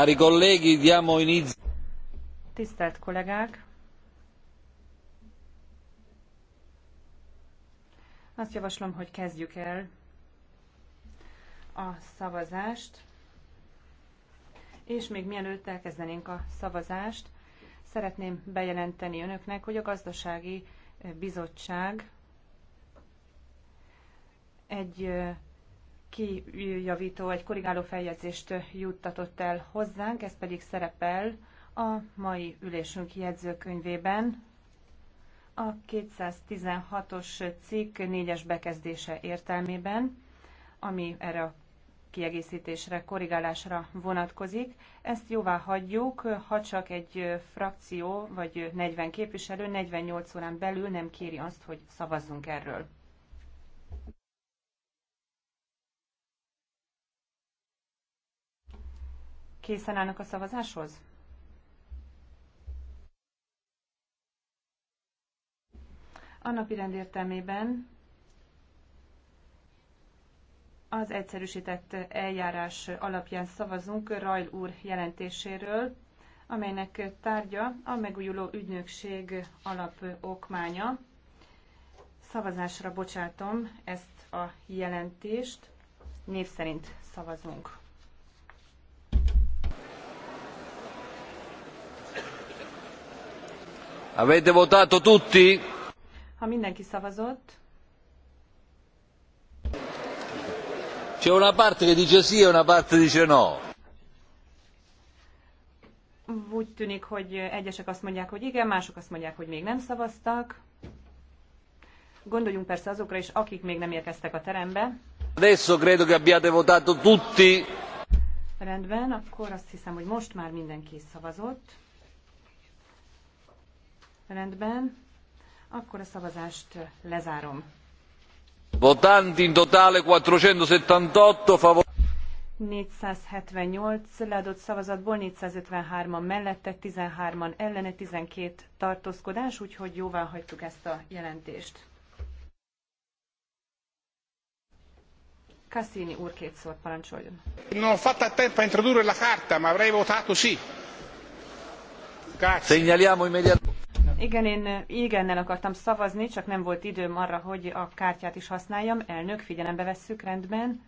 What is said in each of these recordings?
Cari colleghi, diamo inizio. Tisztelt kollégák! Azt javaslom, hogy kezdjük el a szavazást. És még mielőtt elkezdenénk a szavazást, szeretném bejelenteni önöknek, hogy a gazdasági bizottság egy kijavító, egy korrigáló feljegyzést juttatott el hozzánk, ez pedig szerepel a mai ülésünk jegyzőkönyvében. A 216-os cikk négyes bekezdése értelmében, ami erre a kiegészítésre, korrigálásra vonatkozik. Ezt jóvá hagyjuk, ha csak egy frakció vagy 40 képviselő 48 órán belül nem kéri azt, hogy szavazzunk erről. Készen állnak a szavazáshoz? A napi rend értelmében az egyszerűsített eljárás alapján szavazunk Rajl úr jelentéséről, amelynek tárgya a megújuló ügynökség alapokmánya. Szavazásra bocsátom ezt a jelentést. Név szerint szavazunk. Avete votato tutti? Ha mindenki szavazott. C'è una parte che dice sì e una parte dice no. Úgy tűnik, hogy egyesek azt mondják, hogy igen, mások azt mondják, hogy még nem szavaztak. Gondoljunk persze azokra is, akik még nem érkeztek a terembe. Adesso credo che abbiate votato tutti. Rendben, akkor azt hiszem, hogy most már mindenki szavazott. Rendben. Akkor a szavazást lezárom. Votanti in totale 478 favor... 478 leadott szavazatból 453-an mellette, 13-an ellene, 12 tartózkodás, úgyhogy jóvá hagytuk ezt a jelentést. Cassini úr két szót parancsoljon. Non fatta a tempo a introdurre la carta, ma avrei votato sì. Segnaliamo immediatamente. Igen, én igennel akartam szavazni, csak nem volt időm arra, hogy a kártyát is használjam. Elnök, figyelembe vesszük, rendben.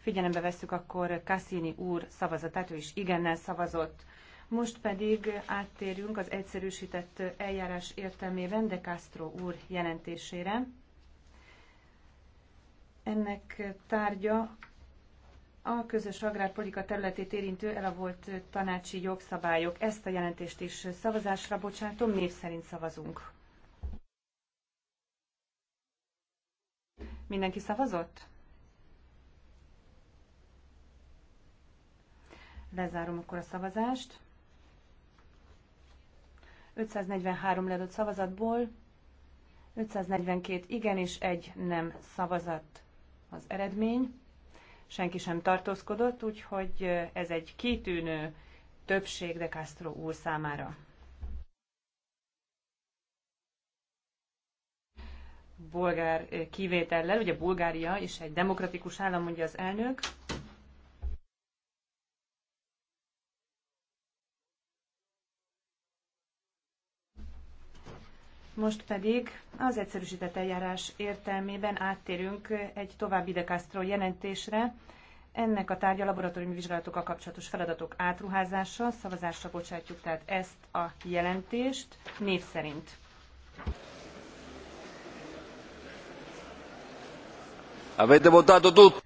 Figyelembe vesszük akkor Cassini úr szavazatát, ő is igennel szavazott. Most pedig áttérjünk az egyszerűsített eljárás értelmében de Castro úr jelentésére. Ennek tárgya a közös agrárpolitika területét érintő elavolt tanácsi jogszabályok. Ezt a jelentést is szavazásra bocsátom, név szerint szavazunk. Mindenki szavazott? Lezárom akkor a szavazást. 543 leadott szavazatból 542 igen és egy nem szavazat az eredmény senki sem tartózkodott, úgyhogy ez egy kitűnő többség de Castro úr számára. Bulgár kivétellel, ugye Bulgária is egy demokratikus állam, mondja az elnök, Most pedig az egyszerűsített eljárás értelmében áttérünk egy további De Castro jelentésre. Ennek a tárgya laboratóriumi vizsgálatokkal kapcsolatos feladatok átruházása. Szavazásra bocsátjuk tehát ezt a jelentést név szerint. Avete votato tutti?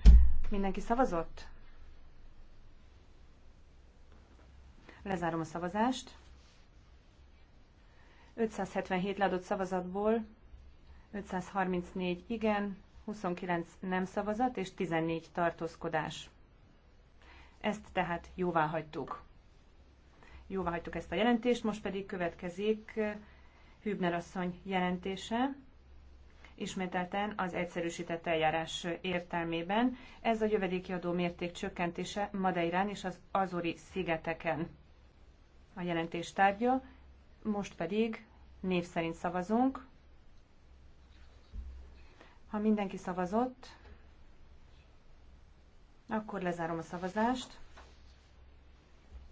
Mindenki szavazott? Lezárom a szavazást. 577 leadott szavazatból 534 igen, 29 nem szavazat és 14 tartózkodás. Ezt tehát jóvá hagytuk. Jóvá hagytuk ezt a jelentést, most pedig következik Hübner asszony jelentése, ismételten az egyszerűsített eljárás értelmében. Ez a jövedéki adó mérték csökkentése Madeirán és az Azori szigeteken. A jelentés tárgya most pedig név szerint szavazunk. Ha mindenki szavazott, akkor lezárom a szavazást.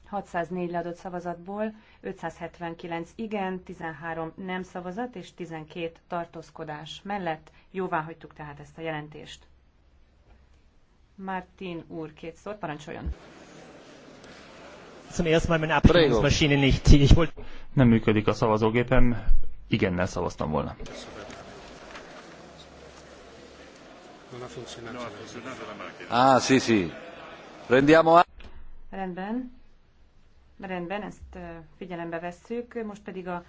604 leadott szavazatból 579 igen, 13 nem szavazat és 12 tartózkodás mellett jóvá hagytuk tehát ezt a jelentést. Martin úr kétszor parancsoljon zum ersten Mal meine Abstimmungsmaschine nicht. Ich wollte... Nem működik a szavazógépem, igennel szavaztam volna. Ah, sì, sì. Prendiamo a... Rendben. Rendben, ezt figyelembe vesszük. Most pedig a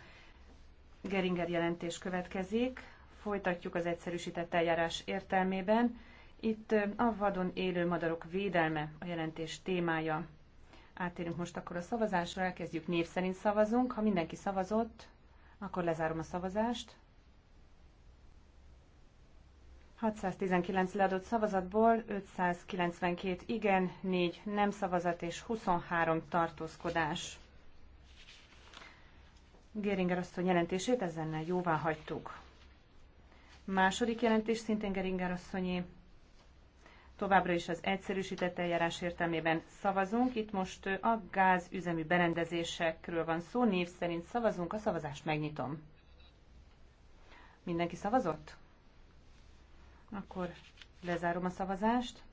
Geringer jelentés következik. Folytatjuk az egyszerűsített eljárás értelmében. Itt a vadon élő madarak védelme a jelentés témája. Átérünk most akkor a szavazásra, elkezdjük név szerint szavazunk. Ha mindenki szavazott, akkor lezárom a szavazást. 619 leadott szavazatból 592 igen, 4 nem szavazat és 23 tartózkodás. Geringer asszony jelentését ezennel jóvá hagytuk. Második jelentés szintén Geringer asszonyi továbbra is az egyszerűsített eljárás értelmében szavazunk. Itt most a gázüzemű berendezésekről van szó, név szerint szavazunk, a szavazást megnyitom. Mindenki szavazott? Akkor lezárom a szavazást.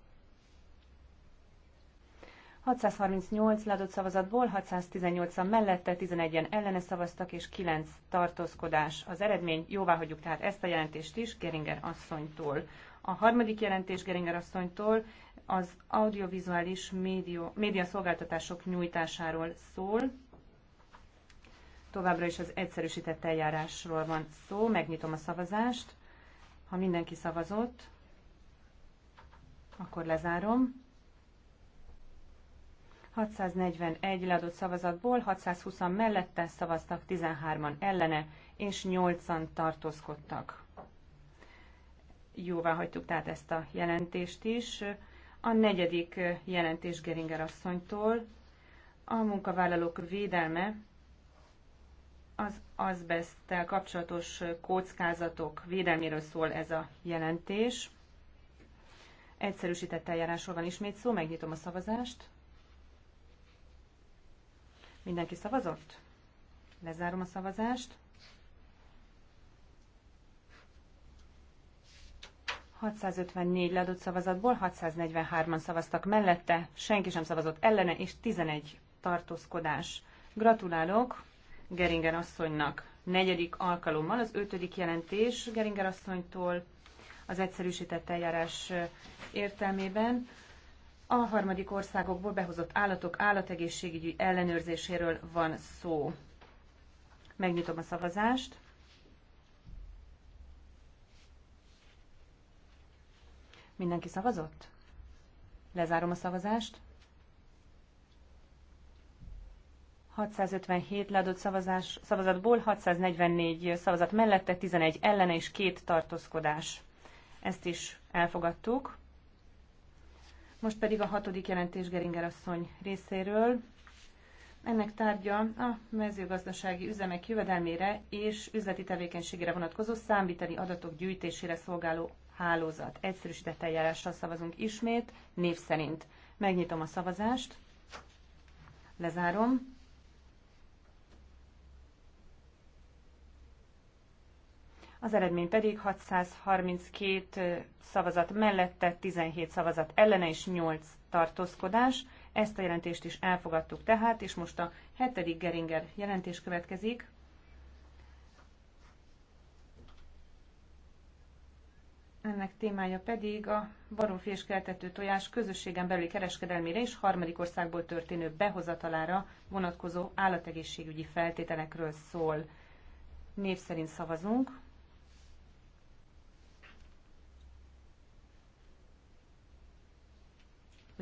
638 leadott szavazatból 618-an mellette, 11-en ellene szavaztak, és 9 tartózkodás. Az eredmény, jóvá hagyjuk tehát ezt a jelentést is Geringer asszonytól. A harmadik jelentés Geringer asszonytól az audiovizuális média, média szolgáltatások nyújtásáról szól. Továbbra is az egyszerűsített eljárásról van szó. Megnyitom a szavazást. Ha mindenki szavazott, akkor lezárom. 641 leadott szavazatból 620-an mellette szavaztak, 13-an ellene, és 8-an tartózkodtak. Jóvá hagytuk tehát ezt a jelentést is. A negyedik jelentés Geringer asszonytól a munkavállalók védelme az azbesztel kapcsolatos kockázatok védelméről szól ez a jelentés. Egyszerűsített eljárásról van ismét szó, megnyitom a szavazást. Mindenki szavazott? Lezárom a szavazást. 654 leadott szavazatból 643-an szavaztak mellette, senki sem szavazott ellene, és 11 tartózkodás. Gratulálok Geringer asszonynak. Negyedik alkalommal az ötödik jelentés Geringer asszonytól az egyszerűsített eljárás értelmében. A harmadik országokból behozott állatok állategészségügyi ellenőrzéséről van szó. Megnyitom a szavazást. Mindenki szavazott? Lezárom a szavazást. 657 leadott szavazás, szavazatból 644 szavazat mellette, 11 ellene és két tartózkodás. Ezt is elfogadtuk. Most pedig a hatodik jelentés Geringer asszony részéről. Ennek tárgya a mezőgazdasági üzemek jövedelmére és üzleti tevékenységére vonatkozó számviteli adatok gyűjtésére szolgáló hálózat. Egyszerűsített eljárással szavazunk ismét, név szerint. Megnyitom a szavazást, lezárom, az eredmény pedig 632 szavazat mellette, 17 szavazat ellene és 8 tartózkodás. Ezt a jelentést is elfogadtuk tehát, és most a hetedik Geringer jelentés következik. Ennek témája pedig a baromfi és keltető tojás közösségen belüli kereskedelmére és harmadik országból történő behozatalára vonatkozó állategészségügyi feltételekről szól. Név szerint szavazunk.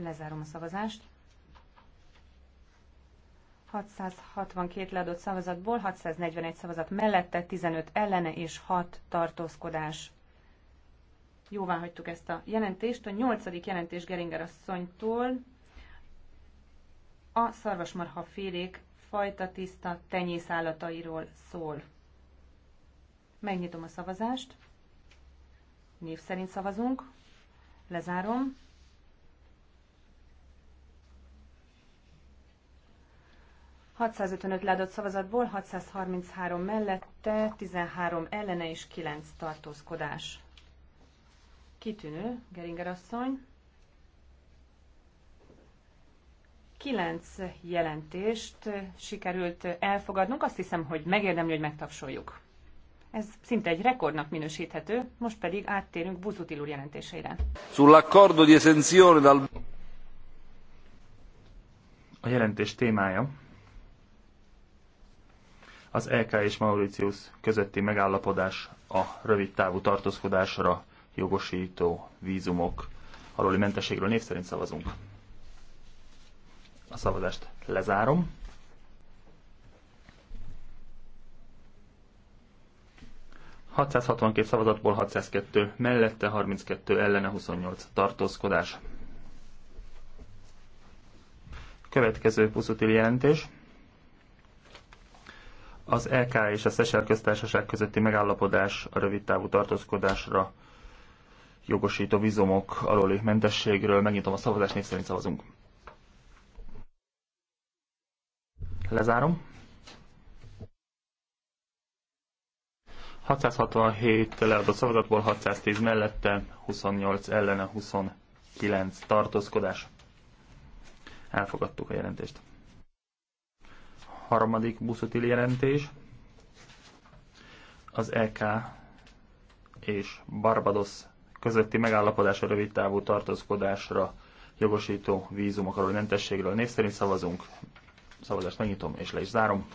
Lezárom a szavazást. 662 leadott szavazatból 641 szavazat mellette, 15 ellene és 6 tartózkodás. Jóvá hagytuk ezt a jelentést. A nyolcadik jelentés Geringer asszonytól a szarvasmarha félék fajta tiszta tenyészállatairól szól. Megnyitom a szavazást. Név szerint szavazunk. Lezárom. 655 leadott szavazatból 633 mellette, 13 ellene és 9 tartózkodás. Kitűnő, Geringer asszony. 9 jelentést sikerült elfogadnunk, azt hiszem, hogy megérdemli, hogy megtapsoljuk. Ez szinte egy rekordnak minősíthető, most pedig áttérünk Buzutil úr jelentéseire. Sull'accordo di esenzione dal... A jelentés témája az EK és Mauritius közötti megállapodás a rövid távú tartózkodásra jogosító vízumok alóli mentességről név szerint szavazunk. A szavazást lezárom. ...662 szavazatból 602, mellette 32, ellene 28 tartózkodás. Következő puszutili jelentés. Az LK e és a Szesel köztársaság közötti megállapodás a rövid távú tartózkodásra jogosító vízumok alóli mentességről. Megnyitom a szavazást, név szerint szavazunk. Lezárom. 667 leadott szavazatból 610 mellette, 28 ellene, 29 tartózkodás. Elfogadtuk a jelentést harmadik buszutil jelentés, az EK és Barbados közötti megállapodás a rövid távú tartózkodásra jogosító vízumok alól mentességről. Név szerint szavazunk. Szavazást megnyitom és le is zárom.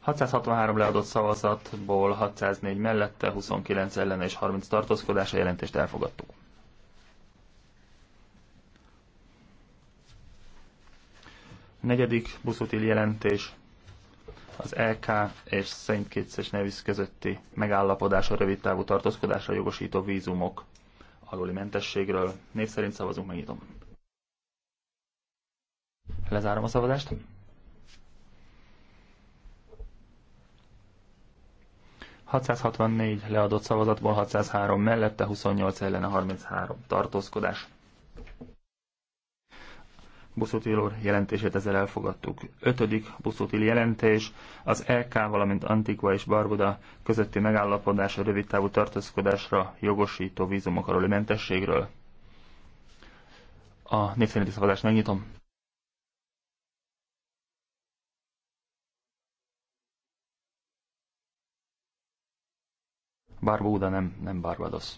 663 leadott szavazatból 604 mellette, 29 ellen és 30 tartózkodása jelentést elfogadtuk. Negyedik buszotil jelentés az LK és Szent Kitts és Nevis közötti megállapodás a rövid távú tartózkodásra jogosító vízumok aluli mentességről. Név szerint szavazunk, megnyitom. Lezárom a szavazást. ...664 leadott szavazatból 603 mellette, 28 ellene 33 tartózkodás. Buszotilor úr jelentését ezzel elfogadtuk. Ötödik Buszotil jelentés az LK, e valamint Antigua és Barbuda közötti megállapodás a rövidtávú tartózkodásra jogosító vízumok aluli mentességről. A népszerinti szavazást megnyitom. Barbuda nem, nem Barbados.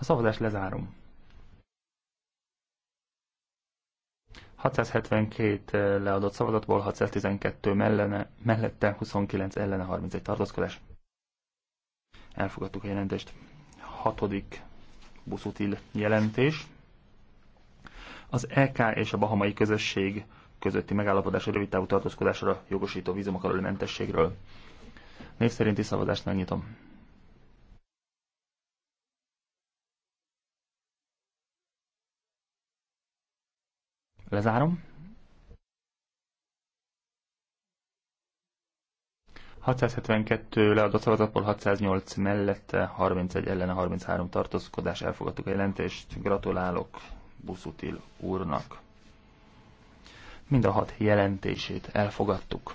A szavazást lezárom. 672 leadott szavazatból 612 mellene, mellette, 29 ellene, 31 tartózkodás. Elfogadtuk a jelentést. Hatodik buszutil jelentés. Az EK és a Bahamai Közösség közötti megállapodás a rövid távú tartózkodásra jogosító vízumok mentességről. Név szerinti szavazást megnyitom. Lezárom. 672 leadott szavazatból 608 mellette, 31 ellene, 33 tartózkodás, elfogadtuk a jelentést. Gratulálok Buszutil úrnak. Mind a hat jelentését elfogadtuk.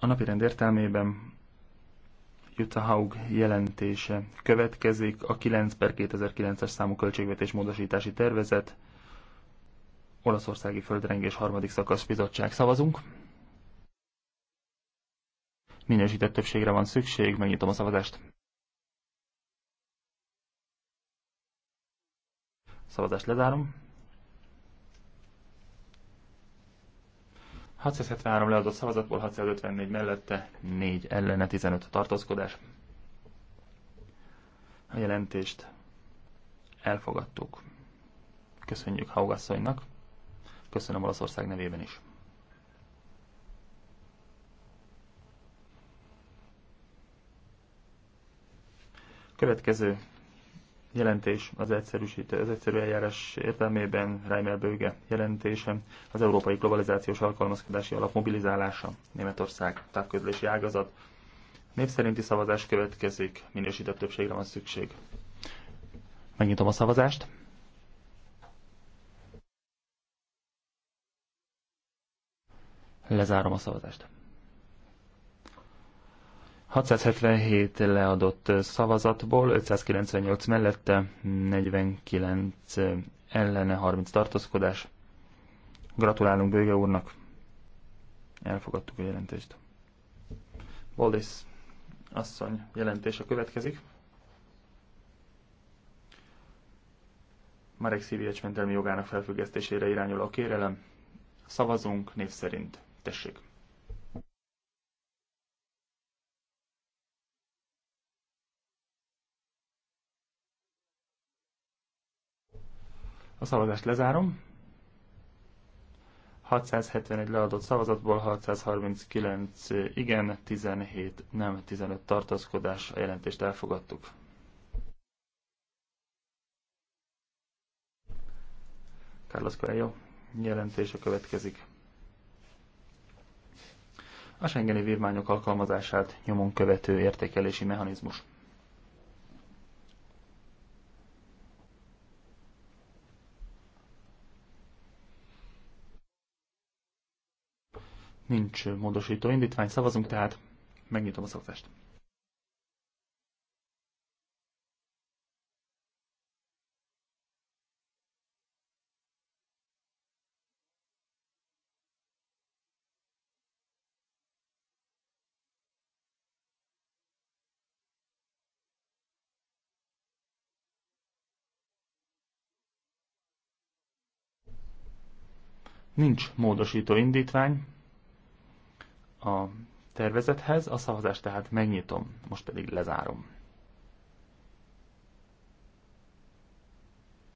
A napi rend értelmében Jutta Haug jelentése következik, a 9 per 2009-es számú költségvetés módosítási tervezet, Olaszországi Földrengés harmadik szakasz bizottság. Szavazunk. Minősített többségre van szükség, megnyitom a szavazást. Szavazást lezárom. 673 leadott szavazatból 654 mellette, 4 ellene, 15 tartózkodás. A jelentést elfogadtuk. Köszönjük Haugasszonynak. Köszönöm Olaszország nevében is. Következő jelentés az, egyszerűsítő, az egyszerű eljárás értelmében Reimer Böge jelentése, az Európai Globalizációs Alkalmazkodási Alap mobilizálása, Németország távközlési ágazat. Népszerinti szavazás következik, minősített többségre van szükség. Megnyitom a szavazást. Lezárom a szavazást. 677 leadott szavazatból, 598 mellette, 49 ellene, 30 tartózkodás. Gratulálunk Bőge úrnak. Elfogadtuk a jelentést. Boldis asszony jelentése következik. Marek Szívjegy mentelmi jogának felfüggesztésére irányuló kérelem. Szavazunk név szerint. Tessék! A szavazást lezárom. 671 leadott szavazatból 639 igen, 17 nem, 15 tartaszkodás A jelentést elfogadtuk. Carlos Coelho jelentése következik. A Schengeni vívmányok alkalmazását nyomon követő értékelési mechanizmus. Nincs módosító indítvány, szavazunk tehát, megnyitom a szavazást. Nincs módosító indítvány, a tervezethez, a szavazást tehát megnyitom, most pedig lezárom.